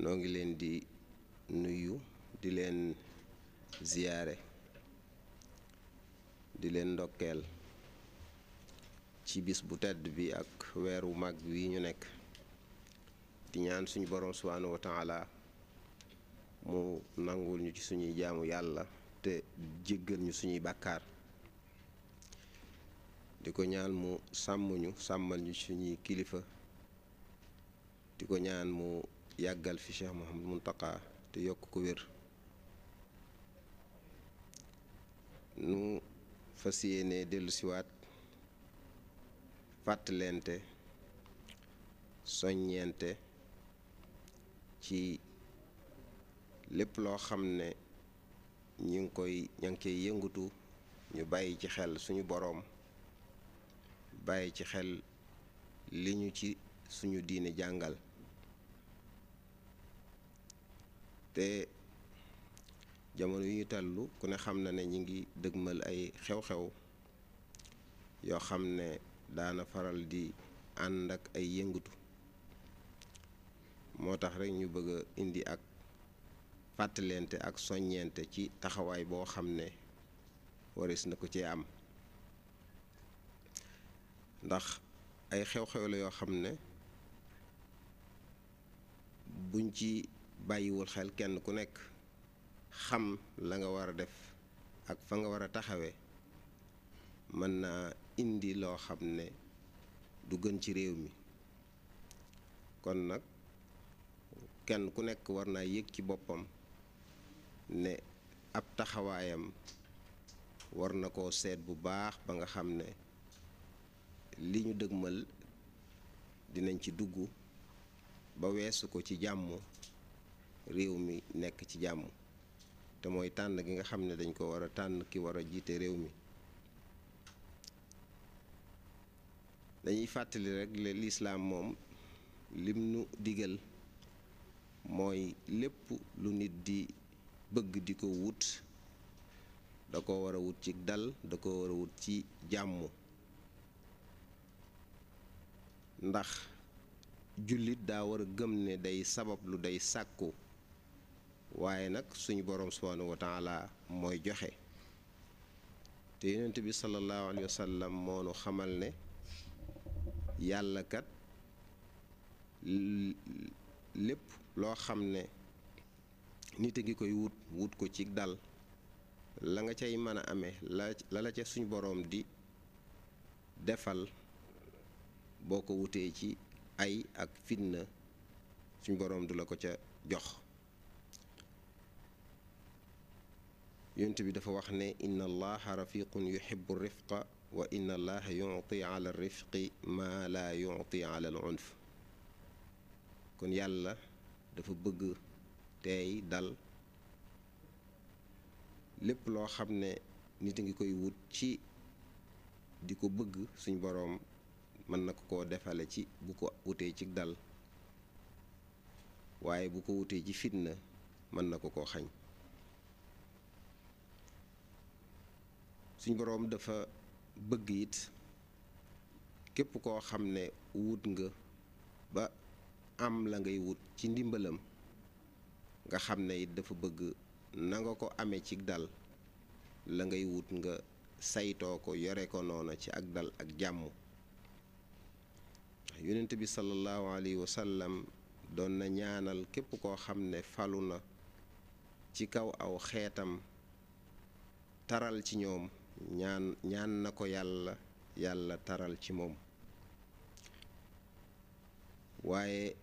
noo ngi leen di nuyu di leen ziyaare di leen ndokkeel ci bis bu tedd bi ak weer wu mag wi ñu nekk di ñaan suñu boroom subhaanahu wa taala mu nangul ñu ci suñuy jaamu yàlla te jéggal ñu suñuy bàkkaar di ko ñaan mu sàmm ñu sàmmal ñu suñuy kilifa di ko ñaan mu yàggal fi Cheikh Mouhamadou Mountakha te yokk ko wér nu fas yéene dellusiwaat fàttalente soññeente ci lépp loo xam ne ñu ngi koy ña ngi koy yëngatu ñu bàyyi ci xel suñu boroom bàyyi ci xel li ñu ci suñu diine jàngal te jamono yu ñu tellu ku ne xam na ne ñu ngi dëgmal ay xew-xew yoo xam ne daana faral di ànd ak ay yëngatu moo tax rekk ñu bëgg a indi ak fàttalente ak soññeente ci taxawaay boo xam ne waris na ko cee am ndax ay xew-xew la yoo xam ne buñ ci bàyyiwul xel kenn ku nekk xam la nga war a def ak fa nga war a taxawee mën naa indi loo xam ne du gën ci réew mi kon nag kenn ku nekk war naa yëg ci boppam ne ab taxawaayam war na koo seet bu baax ba nga xam ne li ñu dëgmal dinañ ci dugg ba weesu ko ci jàmm réew mi nekk ci jàmm te mooy tànn gi nga xam ne dañ ko war a tànn ki war a jiite réew mi dañuy fàttali rekk le lislaam moom lim nu digal mooy lépp lu nit di bëgg di ko wut da ko war a wut ci dal da ko war a wut ci jàmm ndax jullit daa war a gëm ne day sabab lu day sàkku waaye nag suñu boroom subhaanahu wa mooy joxe te yonent bi sallallahu alayhi wa sallam xamal ne yàlla kat lépp loo xam ne nit a ngi koy wut wut ko ci dal la nga cay mën a amee la la ca suñu boroom di defal boo ko wutee ci ay ak fitna suñ boroom du la ko ca jox yonent bi dafa wax ne inna allaha rafiqun yuhibu rifqa wa inna allaha yuti ala rifqi ma la yuti ala al unf kon yàlla dafa bëgg teey dal lépp loo xam ne nit a ngi koy wut ci di ko bëgg suñ boroom mën na ko koo defale ci bu ko wutee ci dal waaye bu ko wutee ci fitna mën na ko koo xañ suñ boroom dafa bëgg it képp koo xam ne wut nga ba am la ngay wut ci ndimbalam nga xam ne it dafa bëgg na nga ko amee ci dal la ngay wut nga saytoo ko yore ko noona ci ak dal ak jàmm yonent bi sallallahu alayhi wa doon na ñaanal képp koo xam ne falu na ci kaw aw xeetam taral ci ñoom ñaan ñaan na ko yàlla yàlla taral ci moom waaye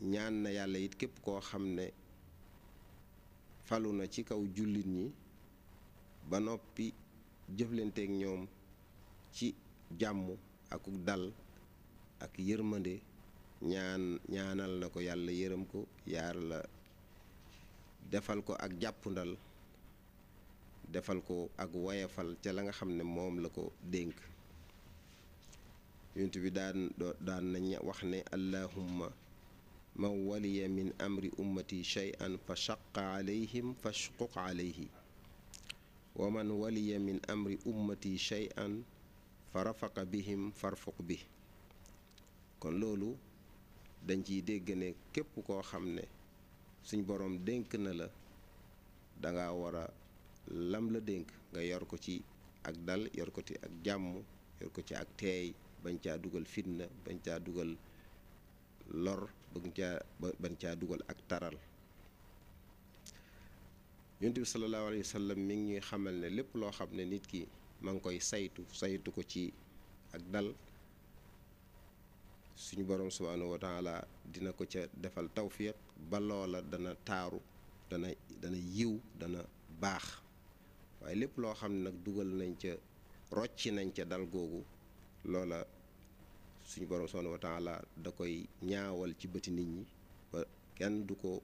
ñaan na yàlla it képp koo xam ne falu na ci kaw jullit ñi ba noppi jëflanteeg ñoom ci jàmm ak dal ak yërmande ñaan ñaanal na ko yàlla yërëm ko yàlla defal ko ak jàppundal defal ko ak wayafal ca la nga xam ne moom la ko dénk yonent bi daan daan wax ne allahumma man waliya min amri ummati shay'an fa shaqqa alayhim fashquq alayhi wa man waliya min amri ummati shay'an fa rafaqa bihim farfuq bi kon loolu dañ ciy dégg ne képp koo xam ne suñ boroom dénk na la danga war lam la dénk nga yor ko ci ak dal yor ko ci ak jàmm yor ko ci ak teey bañ caa dugal fitna bañ caa dugal lor bañ caa bañ dugal ak taral yonent bi sallallahu alayhi wa sallam xamal ne lépp loo xam ne nit ki ma ngi koy saytu saytu ko ci ak dal suñu borom subhaanahu wa dina ko ca defal tawfiq ba loola dana taaru dana dana yiw dana baax waaye lépp loo xam ne nag dugal nañ ca rocci nañ ca dal googu loola suñu borom subhanahu wa taala da koy ñaawal ci bëti nit ñi ba kenn du ko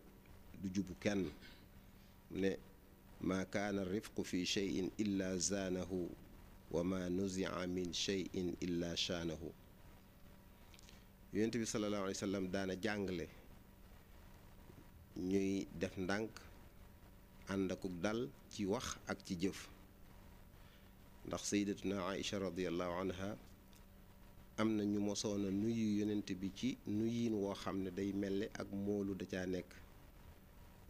du jubu kenn ne maa kaana rifqu fi cheyin illa zaanahu wa ma nuzia min cheyin illa shaanahu yonent bi sallallahu alayhi wa daana jàngale ñuy def ndànk ànd akuk dal ci wax ak ci jëf ndax sayyidatuna Aïcha radiyallahu anha am na ñu mosoon a nuyu yonent bi ci nuyin woo xam ne day mel ni ak moolu da caa nekk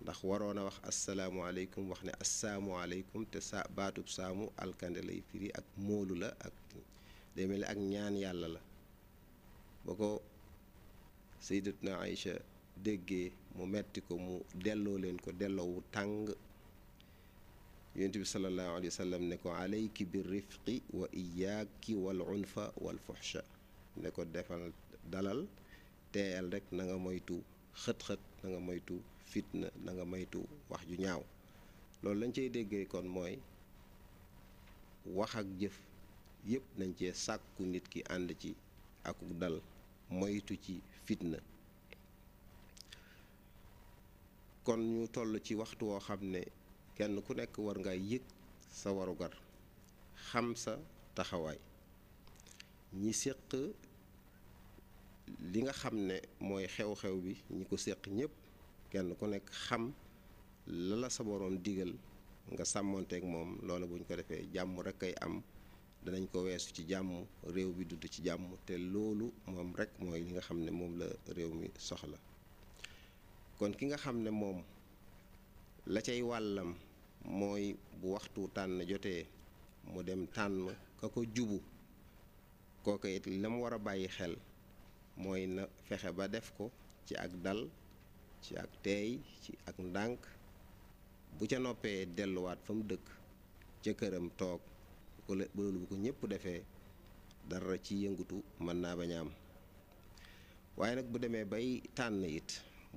ndax waroon a wax asalaamualeykum wax ne asalaamualeykum te sa baatub saamu alkande lay firi ak moolu la ak day mel ni ak ñaan yàlla la ba ko sayyidatuna Aïcha déggee mu metti ko mu delloo leen ko delloo wu tàng yonent bi sallallahu alayhi wa sallam ne ko alayki bi rifqi wa iyaaki wal unfa wal fuxsha ne ko defal dalal teeyal rek na moytu xët-xët na nga moytu fitna na moytu wax ju ñaaw loolu lañ cay déggee kon mooy wax ak jëf yépp nañ cee sàkku nit ki ànd ci ak dal moytu ci fitna kon ñu toll ci waxtu woo xam ne kenn ku nekk war nga yëg sa warugar xam sa taxawaay ñi séq li nga xam ne mooy xew-xew bi ñi ko séq ñépp kenn ku nekk xam la la sa boroom digal nga sàmmoonteek moom loola buñ ko defee jàmm rek ay am danañ ko weesu ci jàmm réew bi dudd ci jàmm te loolu moom rek mooy li nga xam ne moom la réew mi soxla kon ki nga xam ne moom la cay wàllam mooy bu waxtu tànn jotee mu dem tànn ka ko jubu kooka it la mu war a bàyyi xel mooy na fexe ba def ko ci ak dal ci ak teey ci ak ndànk bu ca noppee delluwaat fa mu dëkk ca këram toog ko loolu bu ko ñëpp defee dara ci yëngutu mën naa bañ a am waaye nag bu demee bay tànn it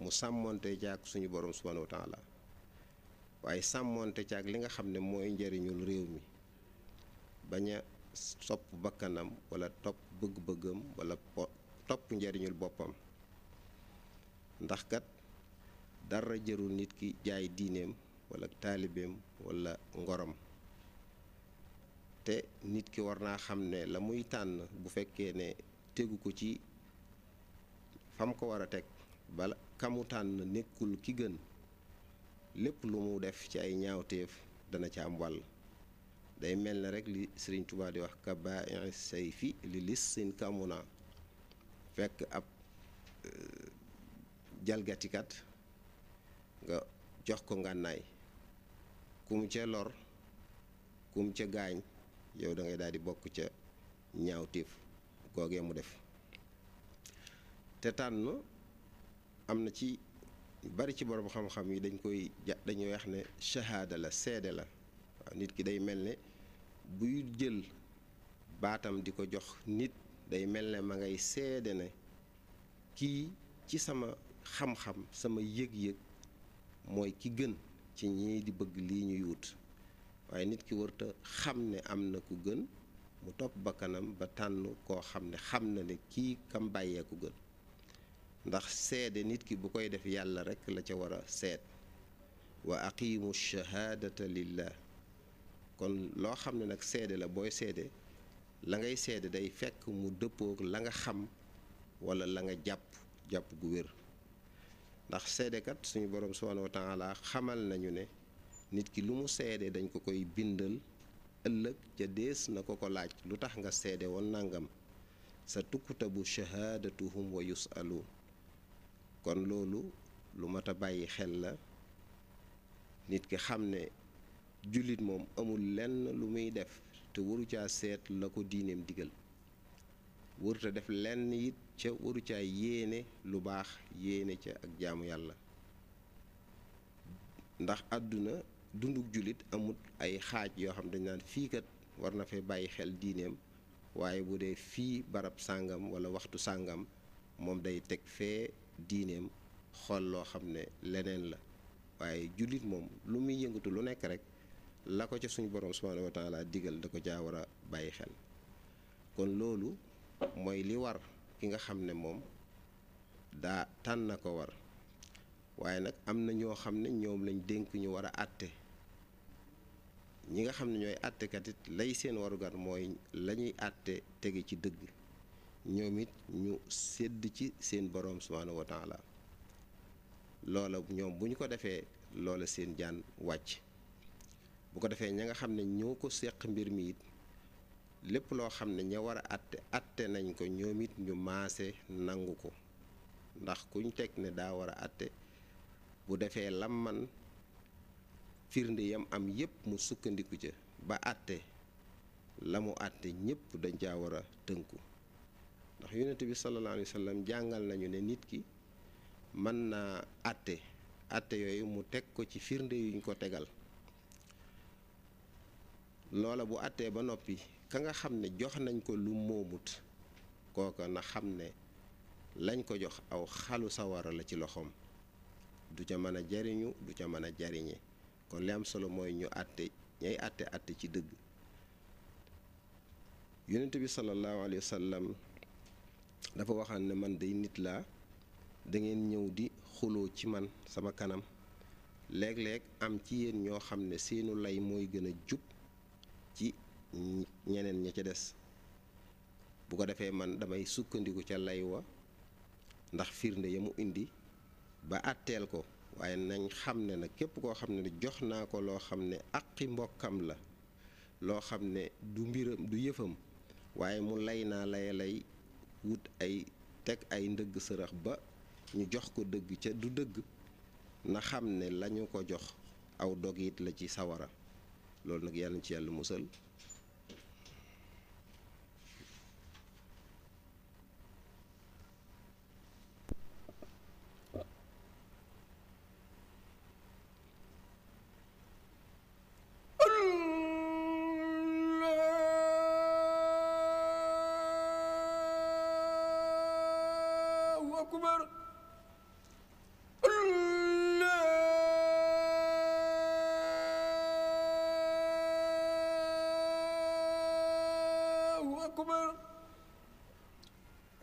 mu sàmmonte jaak suñu borom subhanahu wa la waaye sàmmoonte ci ak li nga xam ne mooy njariñul réew mi bañ a topp bakkanam walla topp bëgg-bëggam wala topp njëriñul boppam ndax kat dara jërul nit ki jaay diineem wala taalibeem walla ngorom te nit ki war naa xam ne la muy tànn bu fekkee ne tegu ko ci fam ko war a teg bala kamu tànn nekkul ki gën lépp lu mu def ci ay ñaawteef dana ca am wall day mel ne rek li sëriñ Tuubaa di wax kabai say fi li seen sin fekk ab euh, jalgatikat nga jox ko ngànnaay kum ca lor kum ca gaañ yow dangay ngay daal di bokk ca ñaawteef googee mu def te tànn am na ci bari ci borom xam-xam yi dañ koy ja dañu weex ne shahada la seede la waaw nit ki day mel ne buy jël baatam di ko jox nit day mel ne ma ngay seede ne kii ci sama xam-xam sama yëg-yëg mooy ki gën ci ñii di bëgg lii ñuy wut waaye nit ki warta xam ne am na ku gën mu topp bakkanam ba tànn koo xam ne xam na ne kii kam bàyyee ku gën ndax seede nit ki bu koy def yàlla rekk la ca war a seet wa aqimu shahaadata la kon loo xam ne nag seede la booy seede la ngay seede day fekk mu dëppook la nga xam walla la nga jàpp jàpp gu wér ndax seedekat suñu boroom subhaanahu wa taala xamal nañu ne nit ki lu mu seede dañ ko koy bindal ëllëg ca dees na ko ko laaj lu tax nga seede woon nangam sa tukkutabu shahaadatuhum wa yusaluun kon loolu lu mat a bàyyi xel la nit ki xam ne jullit moom amul lenn lu muy def te waru caa seet la ko diineem digal waruta def lenn it ca waru caa yéene lu baax yéene ca ak jaamu yàlla ndax àdduna dunduk jullit amul ay xaaj yoo xam dañ naan fii kat war na fee bàyyi xel diineem waaye bu dee fii barab sàngam walla waxtu sàngam moom day teg fee diineem xool loo xam ne leneen la waaye jullit moom lu muy yëngatu lu nekk rek la ko ca suñu borom subhaanahu wa taala digal da ko caa war a bàyyi xel kon loolu mooy li war ki nga xam ne moom daa tànn na ko war waaye nag am na ñoo xam ne ñoom lañ dénk ñu war a àtte ñi nga xam ne ñooy àttekat it lay seen warugar mooy lañuy ñuy àtte tege ci dëgg ñoom it ñu sédd ci seen boroom subhaanahu wa taala loola ñoom bu ñu ko defee loola seen jaan wàcc bu ko defee ña nga xam ne ñoo ko seq mbir miit lépp loo xam ne ña war a atte atte nañ ko ñoom it ñu maase nangu ko ndax ku kuñ teg ne daa war a atte bu defee lam man firnde yam am yépp mu sukkandiku ca ba atte la mu àtte ñépp dañ caa war a tënku ndax yonent bi sallallahu alayhi wa jàngal nañu ne nit ki mën na àtte àtte yooyu mu teg ko ci firnde yuñ ko tegal loola bu àttee ba noppi ka nga xam ne jox nañ ko lu moomut kooka na xam ne lañ ko jox aw xalu sawara la ci loxoom du ca mën a jariñu du ca mën a jariñe kon li am solo mooy ñu àtte ñay àtte àtte ci dëgg yonent bi sallallahu alayhi wa dafa waxaan ne man day nit laa da ngeen ñëw di xuloo ci man sama kanam léeg-léeg am ci yéen ñoo xam ne seenu lay mooy gën a jub ci ñeneen ña ca des bu ko defee man damay sukkandiku ca lay wa ndax firnde ya mu indi ba àtteel ko waaye nañ xam ne na képp koo xam ne jox naa ko loo xam ne aqi mbokkam la loo xam ne du mbiram du yëfam waaye mu lay naa lay lay wut ay teg ay ndëgg sërëx ba ñu jox ko dëgg ca du dëgg na xam ne lañu ko jox aw dog it la ci sawara loolu nag yàlla na ci yàlla musal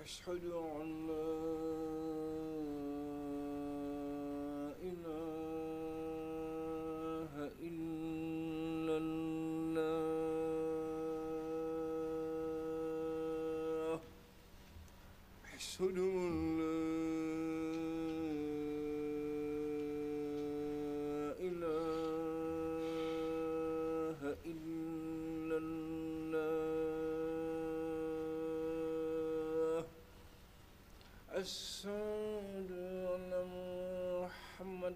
أشهد أن لا إله إلا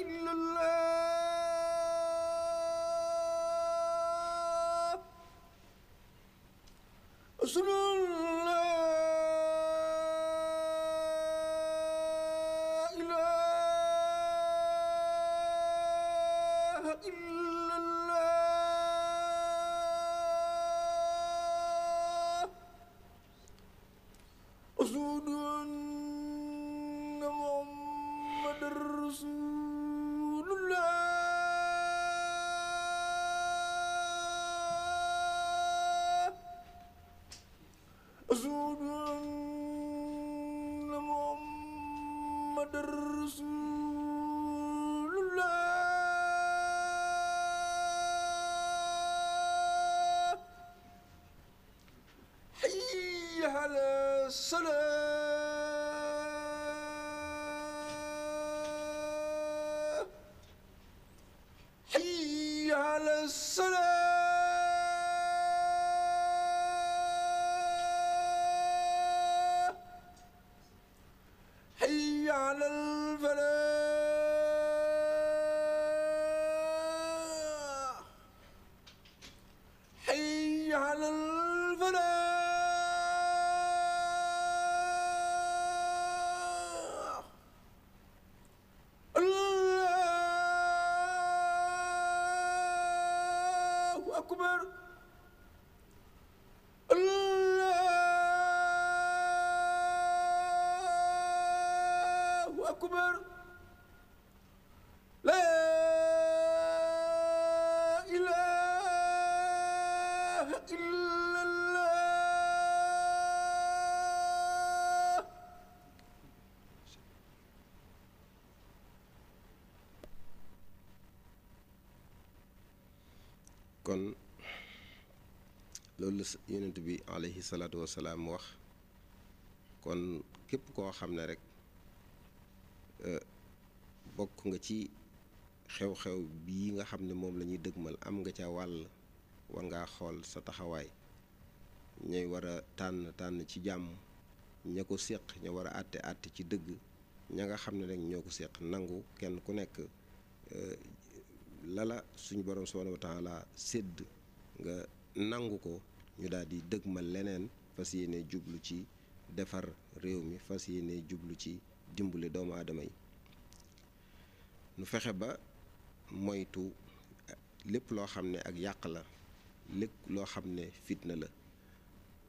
إلا الله أشهد أن لا إله إلا الله أكبر الله أكبر yonent bi alayhi salaatu wasalaam wax kon képp koo xam ne rek euh, bokk nga ci xew-xew bii nga xam ne moom lañuy ñuy dëgmal am nga ca wàll war ngaa xool sa taxawaay ñay war a tànn tànn ci jàmm ña ko séq ña war a àtte àtte ci dëgg ña nga xam ne rek ñoo ko séq nangu kenn ku nekk euh, lala suñu borom subhanahu wa taala sédd nga nangu ko ñu daal di dëgmal leneen fas yéene jublu ci defar réew mi fas yéene jublu ci dimbali doomu aadama yi nu fexe ba moytu lépp loo xam ne ak yàq la lépp loo xam ne fitna la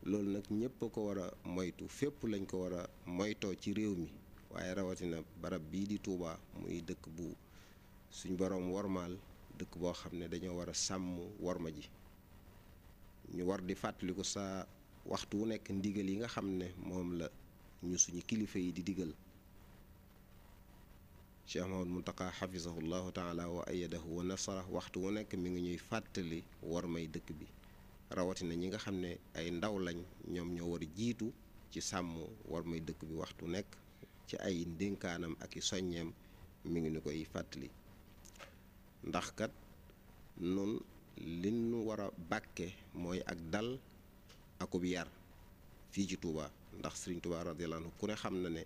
loolu nag ñépp a ko war a moytu fépp lañ ko war a moytoo ci réew mi waaye rawatina barab bii di Touba muy dëkk bu suñ boroom wormaal dëkk boo xam ne dañoo war a sàmm worma ji ñu war di fàttaliku sa waxtu wu nekk ndigal yi nga xam ne moom la ñu suñu kilifa yi di digal cheikh mahamad muntaka xafisahu llahu taala wa ayadahu wa nasara waxtu wu nekk mi ngi ñuy fàttali war may dëkk bi rawatina ñi nga xam ne ay ndaw lañ ñoom ñoo war jiitu ci sàmm war may dëkk bi waxtu nekk ci ay ndénkaanam ak i soññeem mi ngi ñu koy fàttali ndax kat nun li ñu war a bàkke mooy ak dal akub yar fii ci Touba ndax sëriñ Touba radiyallahu ku ne xam na ne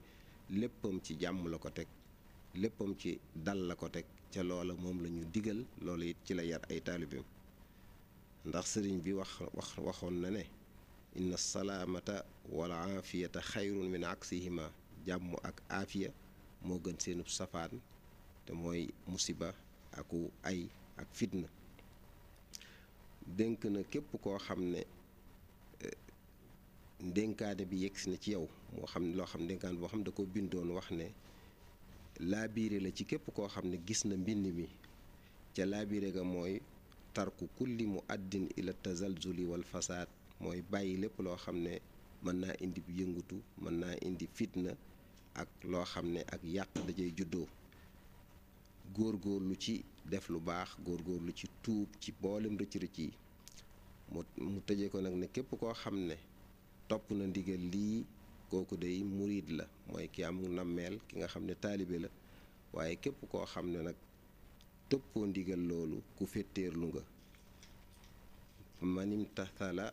léppam ci jàmm la ko teg léppam ci dal la ko teg ca loola moom lañu ñu digal loola it ci la yar ay taalibeem ndax sëriñ bi wax waxoon na ne inna salaamata wala aafiyata xayrun min aksihima jàmm ak aafiya moo gën seenub safaan te mooy musiba aku ay ak fitna dénk na képp koo xam ne eh, ndénkaane bi yegsi na ci yow moo xam ne loo xam ndénkaan boo xam ne da ko bindoon wax ne laa biire la ci képp koo xam ne gis na mbind mi ca laa biire mooy tarku kulli mu addin ila tazalzuli fasaad mooy bàyyi lépp loo xam ne mën naa indi yëngutu mën naa indi fitna ak loo xam ne ak yàq dajay juddoo góor góorlu ci def lu baax góor góorlu ci tuub ci boolem rëcc rëcc yi mu mu ko nag ne képp koo xam ne topp na ndigal lii kooku day muriid la mooy ki am nammeel ki nga xam ne taalibe la waaye képp koo xam ne nag toppoo ndigal loolu ku fetteerlu nga man imtathala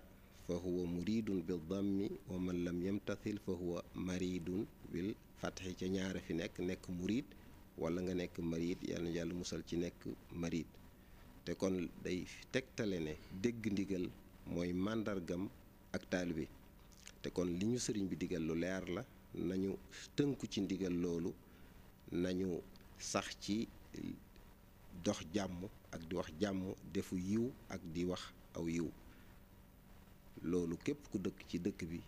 fa huwa muridun bil dammi wa man lam yamtathil fa huwa maridun bil fatxi ca ñaara fi nekk nekk muriid wala nga nekk marit yal na yàlla musal ci nekk marit te kon day tegtale ne dégg ndigal mooy màndargam ak taalibe te kon li ñu sëriñ bi digal lu leer la nañu tënku ci ndigal loolu nañu sax ci dox jàmm ak di wax jàmm defu yiw ak di wax aw yiw loolu képp ku dëkk ci dëkk bi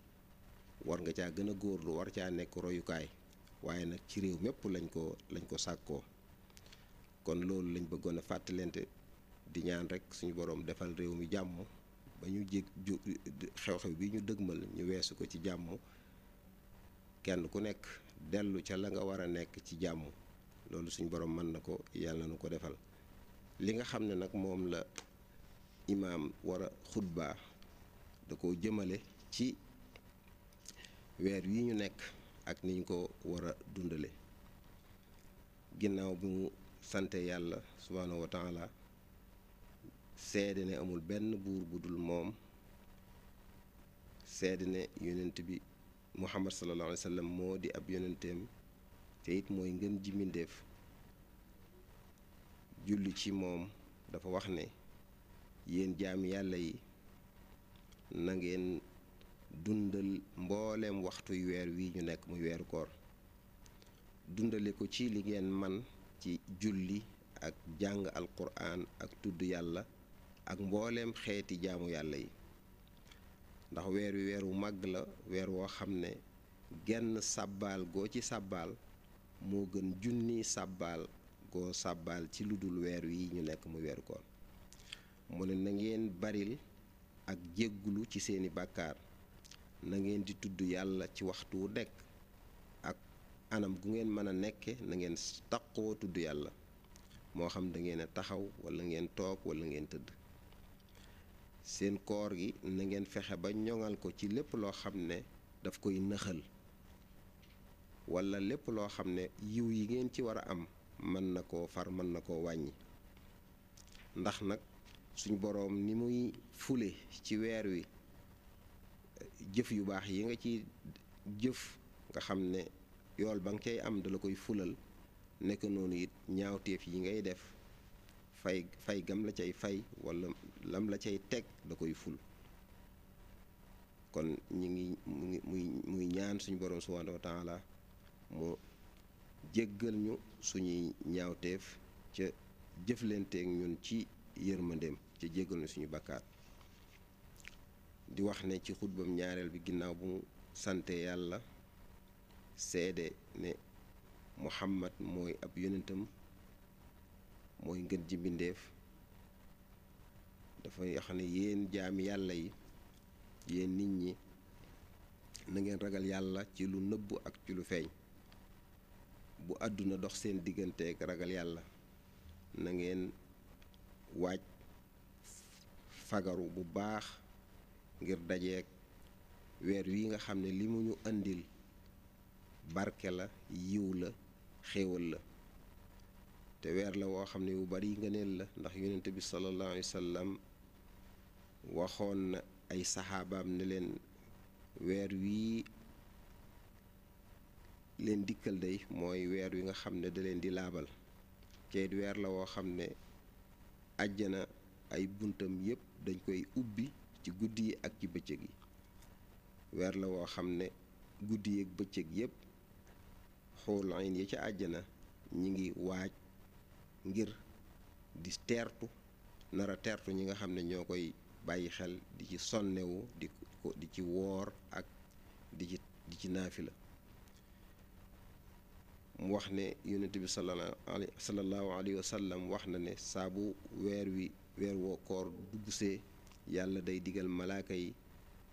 war nga caa gën a lu war caa nekk royukaay waaye nag ci réew mépp lañ ko lañ ko sàkkoo kon loolu lañ bëggoon a fàttalente di ñaan rekk suñu boroom defal réew mi jàmm ba ñu jég ju xew-xew bi ñu dëgmal ñu weesu ko ci jàmm kenn ku nekk dellu ca la nga war a nekk ci jàmm loolu suñu boroom mën na ko yàlla na nu ko defal li nga xam ne nag moom la imaam war a xutba da ko jëmale ci weer yi ñu nekk ak ni ñu ko war a dundale ginnaaw bi mu sante yàlla subhaanahu wa taala seede ne amul benn buur bu dul moom seede ne yonent bi muhammad sallallahu alayhi wa sallam moo di ab yonenteem te it mooy ngëm ji mbindéef julli ci moom dafa wax ne yéen jaami yàlla yi na dundal mbooleem waxtu weer wi ñu nekk muy weeru koor dundale ko ci li ngeen man ci julli ak jàng alquran ak tudd yàlla ak mbooleem xeeti jaamu yàlla yi ndax weer wi weer wu mag la weer woo xam ne genn sàbbaal goo ci sàbbaal moo gën junni sàbbaal goo sàbbaal ci lu dul weer wi ñu nekk muy weeru koor mu ne na ngeen baril ak jéggulu ci seeni bàkkaar na ngeen di tudd yàlla ci waxtu wu nekk ak anam gu ngeen mën a nekke na ngeen taqoo tudd yàlla moo xam da ngeen a taxaw walla ngeen toog wala ngeen tëdd seen koor gi na ngeen fexe ba ñoŋal ko ci lépp loo xam ne daf koy nëxal wala lépp loo xam ne yiw yi ngeen ci war a am mën na koo far mën na koo wàññi ndax nag suñu boroom ni muy fule ci weer wi jëf yu baax yi nga ci jëf nga xam ne yool ba nga cay am da koy fulal nekk noonu it ñaawteef yi ngay def fay fay gam la cay fay wala lam la cay teg da koy ful kon ñi ngi muy muy ñaan suñu borom subhanahu wa taala mu jéggal ñu suñuy ñaawteef ca jëflanteeg ñun ci yërmandeem ca jéggal ñu suñu bakkaat di wax ne ci xutbam ñaareel bi ginnaaw bu mu sante yàlla seede ne muhammad mooy ab yonentam mooy ngën ji mbindéef dafa wax ne yéen jaami yàlla yi yéen nit ñi na ngeen ragal yàlla ci lu nëbb ak ci lu feeñ bu àdduna dox seen diggante ragal yàlla na ngeen waaj fagaru bu baax ngir dajeek weer wi nga xam ne li mu ñu andil barke la yiw la xéewal la te weer la woo xam ne yu bari ngëneel la ndax yonent bi sallallahu alayhi wa waxoon na ay saxaabam ne leen weer wi leen dikkal day mooy weer wi nga xam ne da leen di laabal kayit weer la woo xam ne àjjana ay buntam yépp dañ koy ubbi ci guddi yi ak ci bëccëg yi weer la woo xam ne guddi yi ak bëccëg yépp xool ayn ya ca àjjana ñi ngi waaj ngir di teertu nara teertu ñi nga xam ne ñoo koy bàyyi xel di ci sonnewu di ci woor ak di ci di ci naafila mu wax ne yonent bi sallallahu alayhi wa wax na ne saabu weer wi weer woo koor duggsee yàlla day digal malaaka yi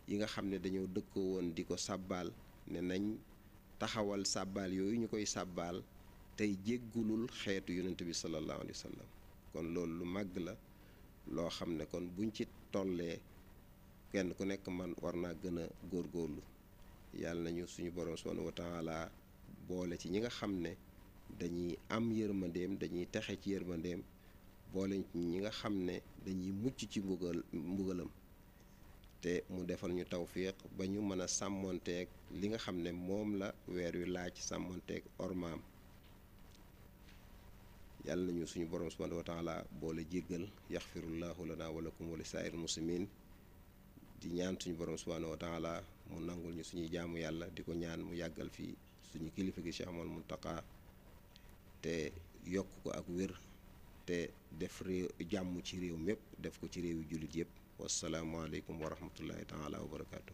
yi nga xam ne dañoo dëkkoo woon di ko sàbbaal ne nañ taxawal sàbbaal yooyu ñu koy sàbbaal tey jéggulul xeetu yonent bi sallallahu alayhi wa sallam kon loolu lu màgg la loo xam ne kon buñ ci tollee kenn ku nekk man war naa gën a góorlu yàlla nañu suñu borom subhanahu wa taala boole ci ñi nga xam ne dañuy am yërmandeem dañuy texe ci yërmandeem boole ñi nga xam ne dañuy mucc ci mbugal mbugalam te mu defal ñu tawfiq ba ñu mën a sàmmonteeg li nga xam ne moom la weer wi laaj sàmmonteeg ormaam yàlla nañu suñu borom subhanahu wa taala boole jéggal yaxfirullahu lana walakum wala li saa'ir muslimin di ñaan suñu borom subhanahu wa taala mu nangul ñu suñuy jaamu yàlla di ko ñaan mu yàggal fii suñu kilifa gi Cheikh Amadou Mountakha te yokk ko ak wér te def jàmm ci réew mépp def ko ci réew yu jullit yëpp wasalaamualeykum wa rahmatullahi taala wa barakaatu.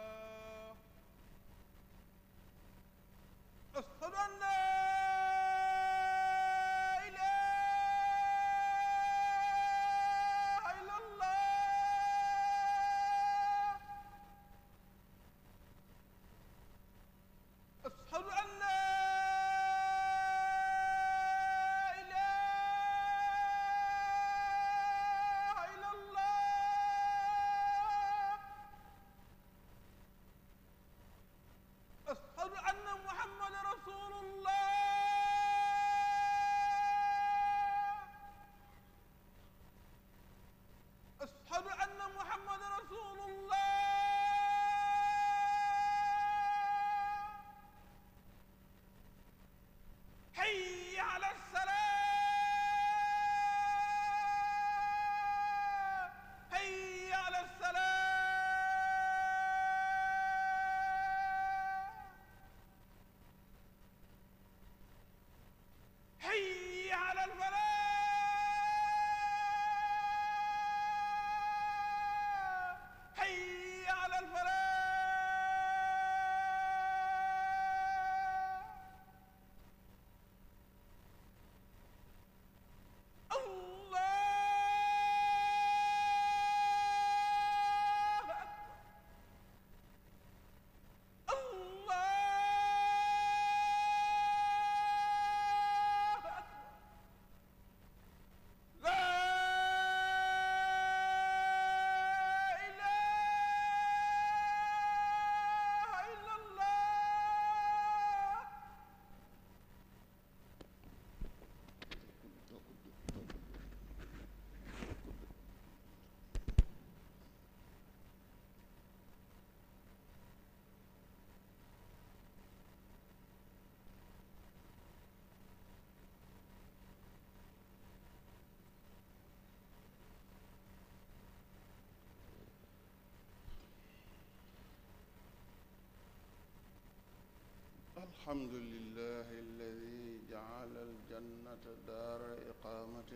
الحمد لله الذي جعل الجنة دار إقامة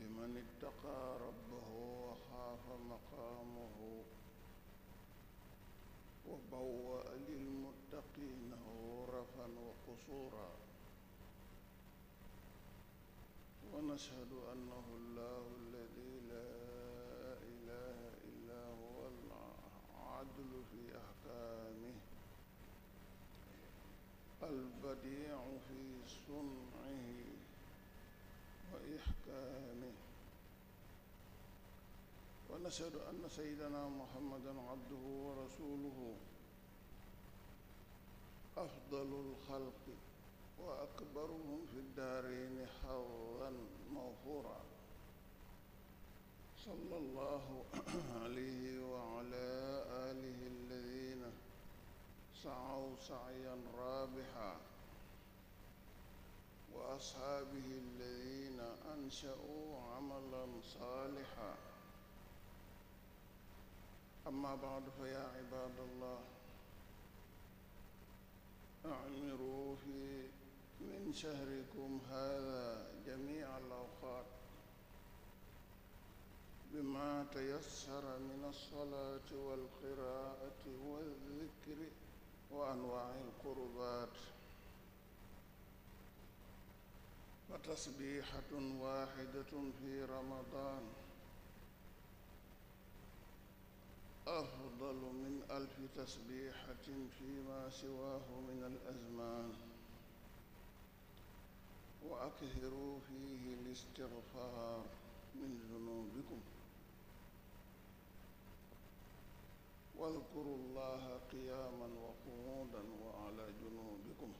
لمن اتقى ربه وخاف مقامه وبوأ للمتقين غرفا وقصورا ونشهد أنه الله الذي لا إله التعدل في أحكامه البديع في صنعه وإحكامه ونشهد أن سيدنا محمدا عبده ورسوله أفضل الخلق وأكبرهم في الدارين حظا موفورا sallallahu alayhi wa ala alihi alladhina sa'aw sa'yan rabiha wa ashaabihi alladhina ansha'u 'amalan salihan amma ba'du fa ya 'ibadallah a'miru fi min shahrikum hadha jami'a al-awqat بما تيسر من الصلاة والقراءة والذكر وأنواع القربات وتسبيحة واحدة في رمضان أفضل من ألف تسبيحة فيما سواه من الأزمان وأكثروا فيه الاستغفار من ذنوبكم واذكروا الله قياما وقعودا وعلى جنوبكم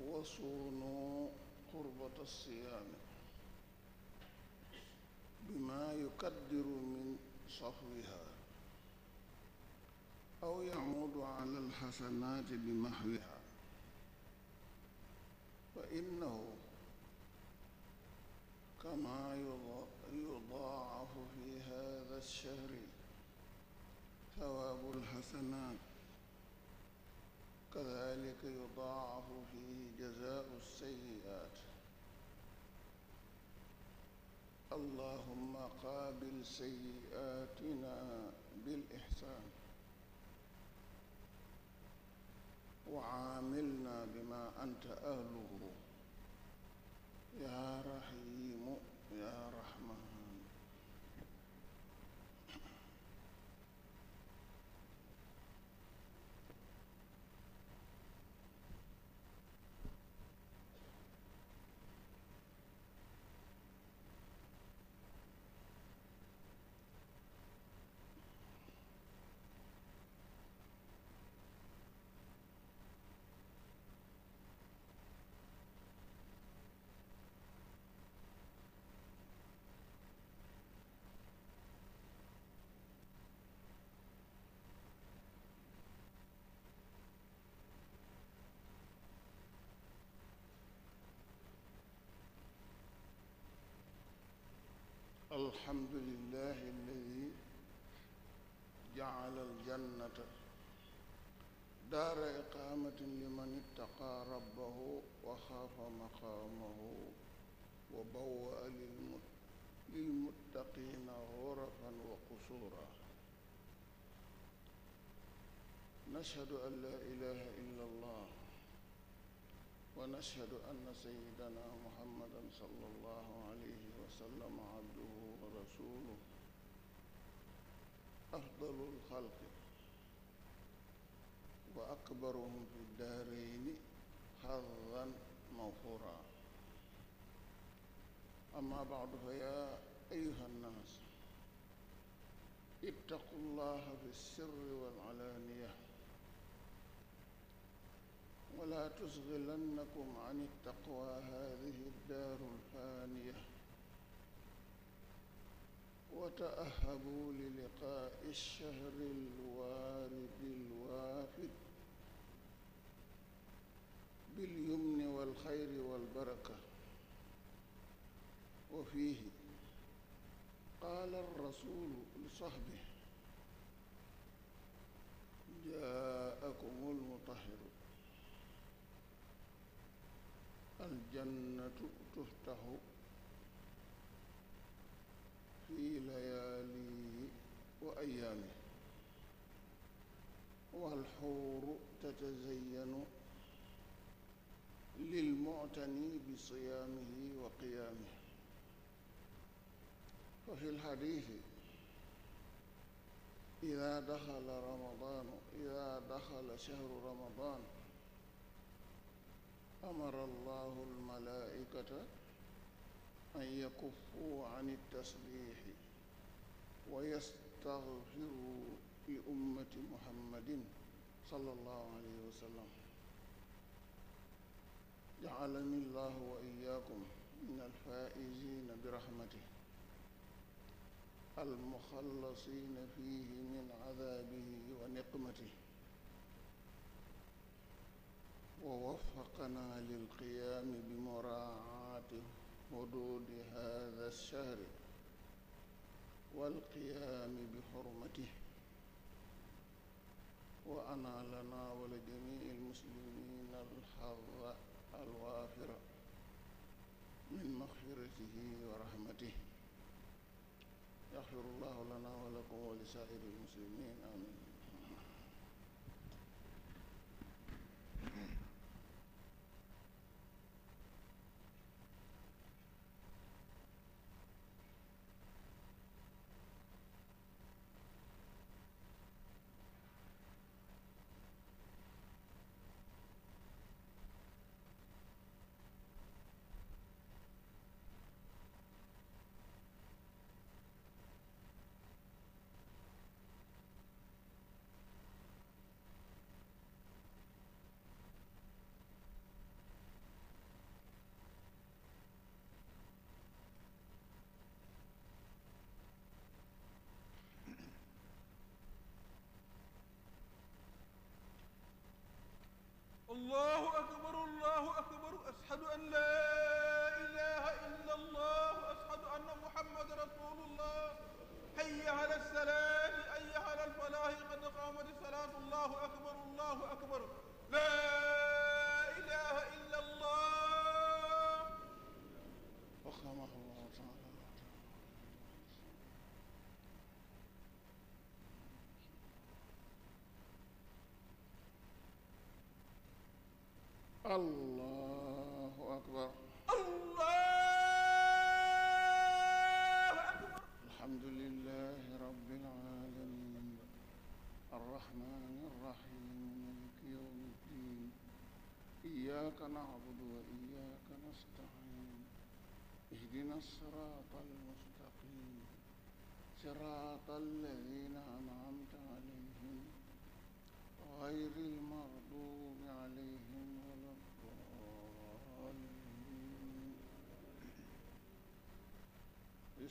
وصونوا قربة الصيام بما يكدر من صفوها أو يعود على الحسنات بمحوها فإنه كما يضاعف هذا الشهر ثواب الحسنات كذلك يضاعف فيه جزاء السيئات اللهم قابل سيئاتنا بالإحسان وعاملنا بما أنت أهله يا رحيم يا رحيم الحمد لله الذي جعل الجنة دار إقامة لمن اتقى ربه وخاف مقامه وبوأ للمتقين غرفا وقصورا نشهد أن لا إله إلا الله ونشهد أن سيدنا محمدا صلى الله عليه وسلم عبده ورسوله أفضل الخلق وأكبرهم في الدارين حظا موفورا أما بعد فيا أيها الناس اتقوا الله في السر والعلانية ولا تشغلنكم عن التقوى هذه الدار الفانيه وتأهبوا للقاء الشهر الوارد الواحد باليمن والخير والبركة وفيه قال الرسول لصحبه جاءكم المطهر الجنة تفتح في لياليه وأيامه والحور تتزين للمعتني بصيامه وقيامه وفي الحديث إذا دخل رمضان إذا دخل شهر رمضان أمر الله الملائكة an yakuffuu an iltasbixi wa yastaxfiru li ummati muhammadin sallallahu alayhi wa sallam ja'alani llahu wa iyaakum min alfaa'izina birahmatihi almuxallasina fiihi min cadaabihi wa niqmatihi wa waffaqana lilqiyaami bi muraacaatihi حدود هذا الشهر والقيام بحرمته وأنا لنا ولجميع المسلمين الحظ الوافر من مغفرته ورحمته يغفر الله لنا ولكم ولسائر المسلمين آمين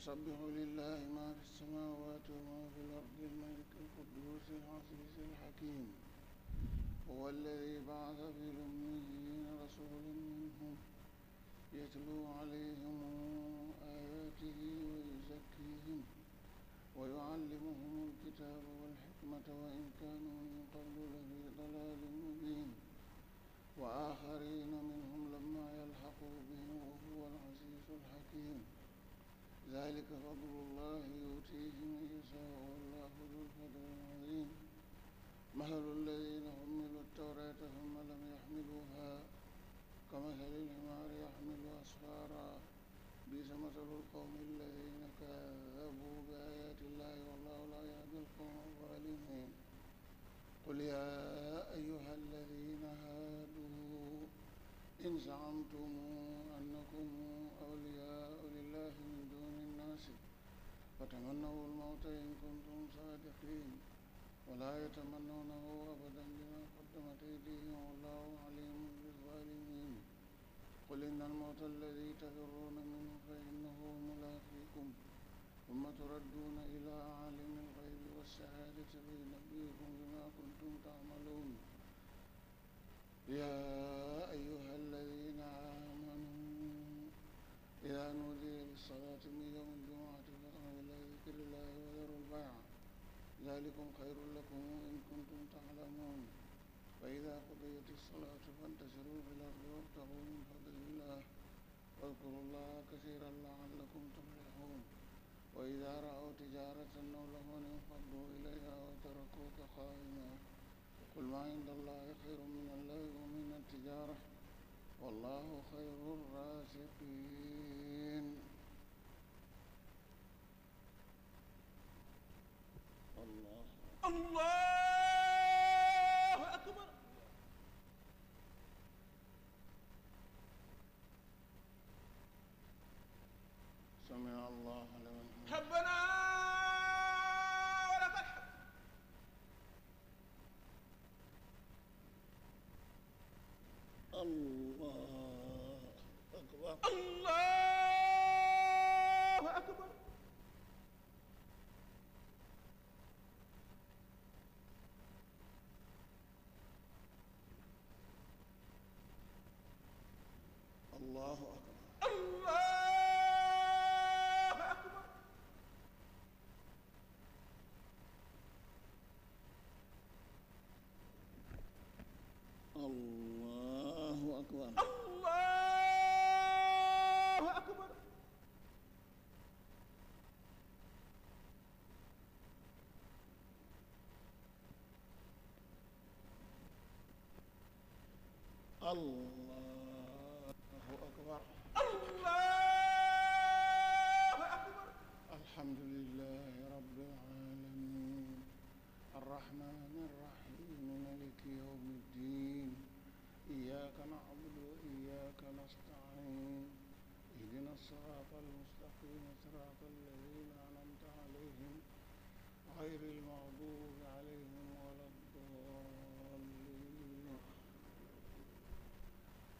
يسبح لله ما في السماوات وما في الأرض الملك القدوس العزيز الحكيم هو الذي بعث في الأميين رسولا منهم يتلو عليهم قل ما عند الله خير من اللغو ومن التجارة والله خير الرازقين الله الله allahu akbar allahu akbar alhamdulillahi rabbil alamin arrahmani arrahim maliki yawmi ddin iyyaka na'budu wa iyyaka nasta'in ihdina sirata almustaqim sirata alladhina an'amta alayhim ghayril maghdubi alayhim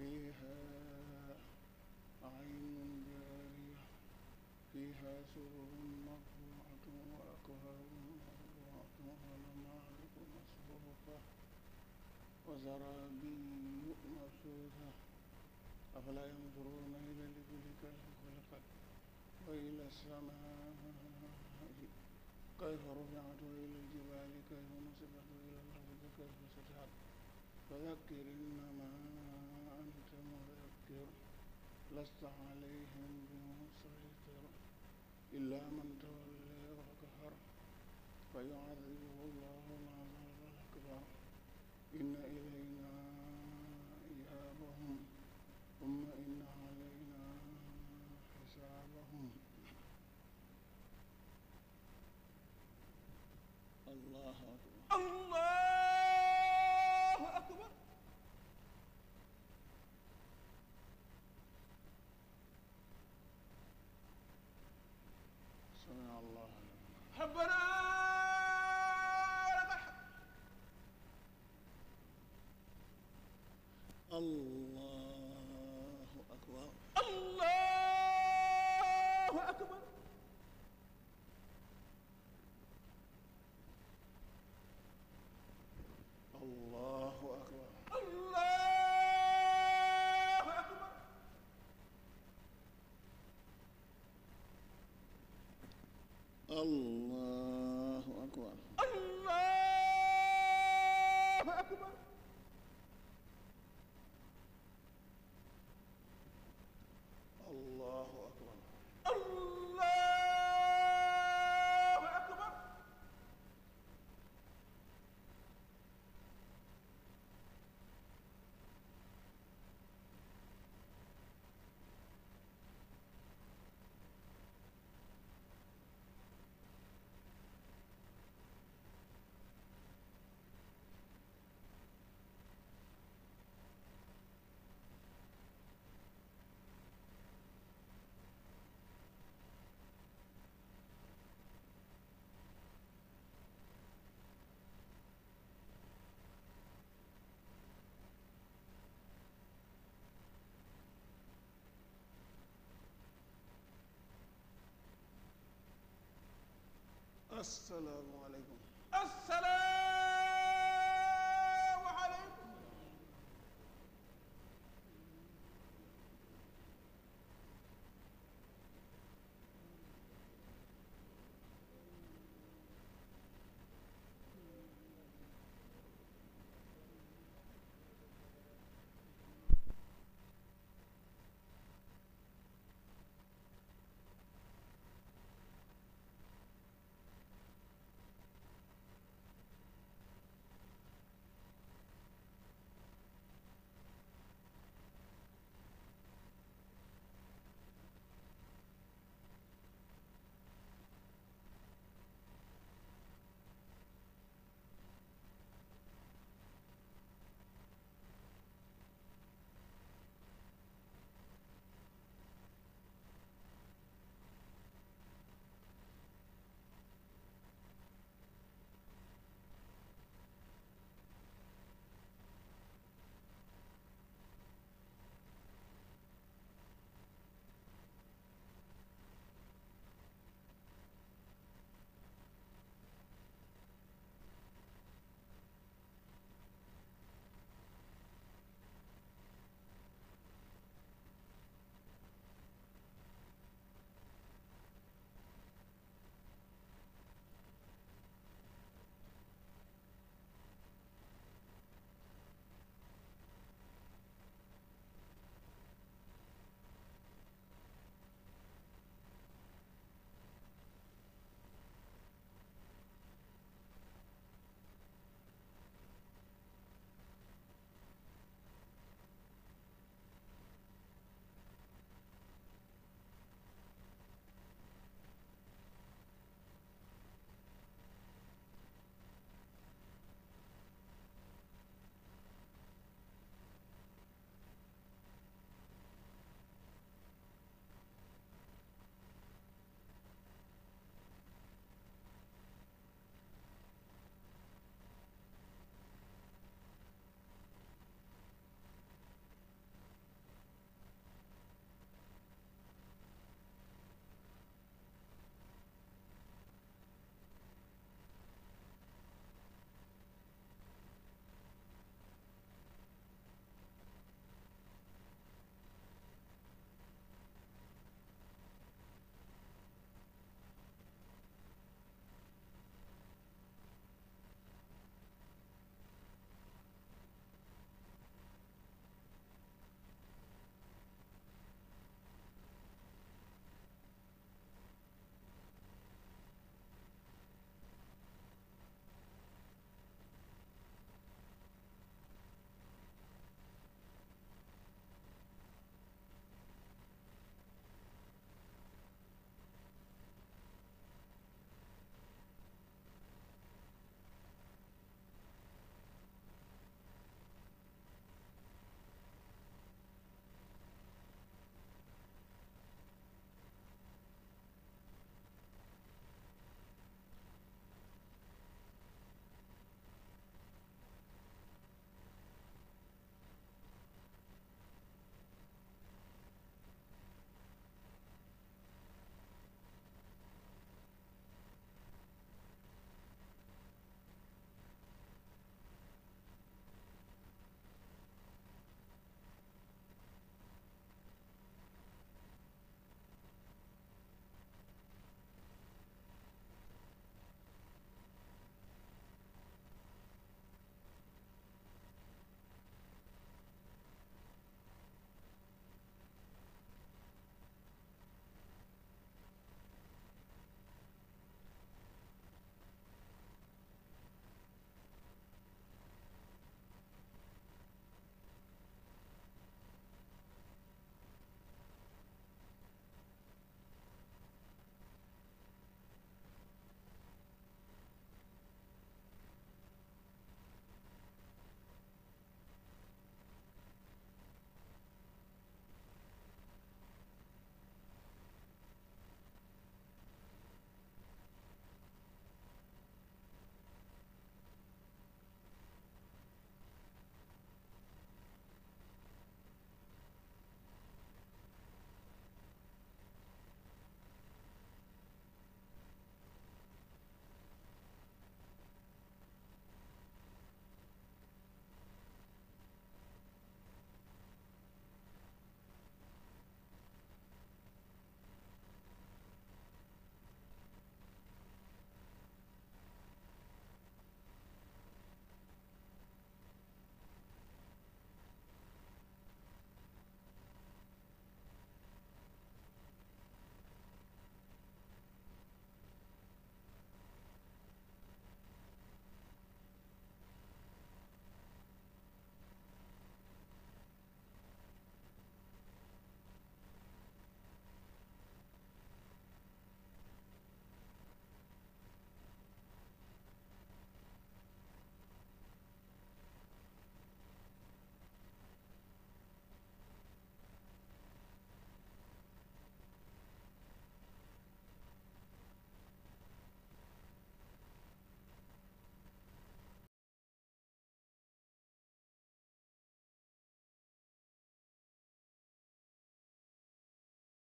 فيها عين جارية فيها سرر مرفوعة وأكواب مرفوعة ونمارق مصفوفة وزرابي مبثوثة أفلا ينظرون إلى الإبل كيف خلقت وإلى السماء كيف رفعت وإلى الجبال كيف نصبت وإلى الأرض كيف سطحت فذكر إنما لست عليهم بمسيطر إلا من تولى وكفر فيعذبه الله العذاب الأكبر إن إلينا asalaamaaleykum. asalaamaaleykum.